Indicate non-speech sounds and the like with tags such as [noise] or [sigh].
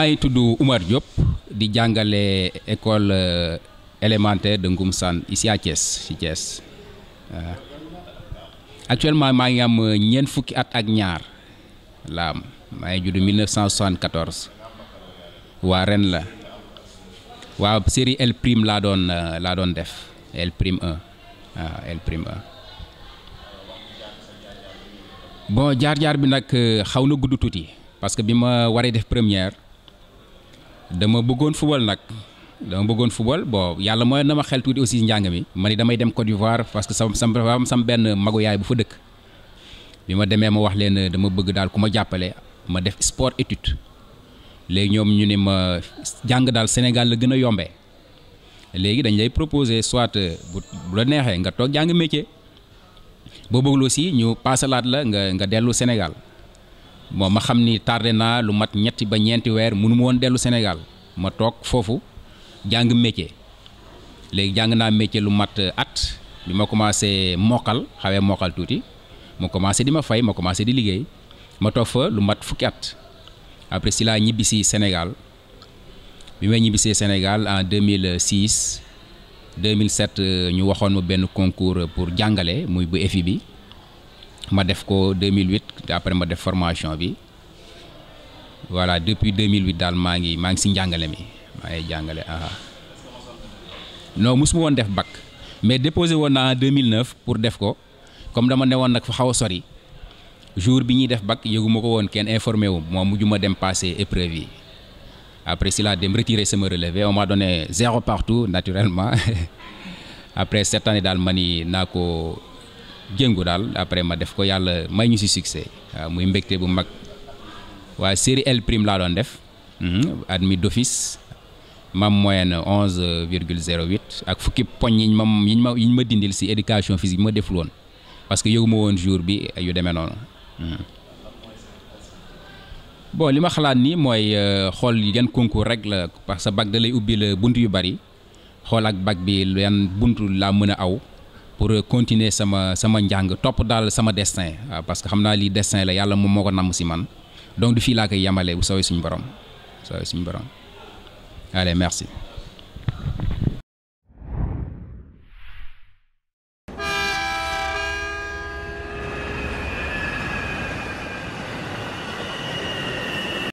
ay tudd Oumar Diop di jàngale école euh, élémentaire de Ngoumsane ici à Thiès ci Thiès actuellement maa ngi am euh, ñeent fukki at ak ñaar la am maa ngi judd 1974 waa ren la waaw série L prime laa doon euh, laa doon def L prime 1 waaw L prime 1 bon jaar-jaar bi nag xaw na gudd tuuti parce que bi ma waree def première. dama bëggoon football nag dama bëggoon football bon yàlla mooy na ma xel tuuti aussi njàng mi. ma ni damay dem Côte d'Ivoire parce que sam sam sam benn magu yaay bu fa dëkk bi ma demee ma wax leen dama bëgg daal ku ma jàppale ma def sport étude léegi ñoom ñu ni ma jàng daal Sénégal la gën a yombee léegi dañ lay proposer soit euh, bu la neexee nga toog jàng métier boo bëggul aussi ñu paasalaat la nga nga dellu Sénégal. bon ma xam ni tardé naa lu mat ñetti ba ñeenti weer mënu ma woon dellu Sénégal ma toog foofu jàng métier léegi jàng naa métier lu mat euh, at bi ma commencé mokkal xawee mokkal tuuti ma commencé di ma fay ma commencé di liggéey ma toog fa lu mat fukki at après si laa ñibbisi Sénégal bi may ñibbisee Sénégal en 2006 2007 euh, ñu waxoon ma benn concours pour jàngale muy bu EFI bi. ma def ko 2008 te après ma def formation bi voilà depuis 2008 daal maa ngi maa ngi si njàngale mi maa ngi jàngale aha non mosuma woon def bac mais déposé woon naa 2009 pour def ko comme dama ne woon nag fa xaw a sori jour bi ñuy def bac yëguma ko woon kenn informé wu moom mujj ma dem passé épreuve yi après si laa dem retirer sama relevé on m'a donné zéro partout naturellement [laughs] après cette daal man ni naa ko. jéngu daal après ma def ko yàlla may ñu si succès waaw muy mbégte bu mag waaye série L prime laa doon def mhm, mi dofis mam moyenne onze virgule zéro huit ak fukki poñ yiñ ma yiñ ma yiñ ma dindil si éducation physique bi ma deful woon parce que yëgu ma woon jour bi yu demee noonu mhm. bon li ma xalaat ni mooy euh, xool yan concours rek la parce que bac lay ubbi la bunt yu bari xool ak bac bi yan bunt laa mën a aw pour continuer sama sama njàng topp daal sama destin waaw ah, parce que xam naa lii destin la yàlla moom moo ko namm si man donc du fii laa koy yemale bu sawee suñu borom sawee suñu borom allez merci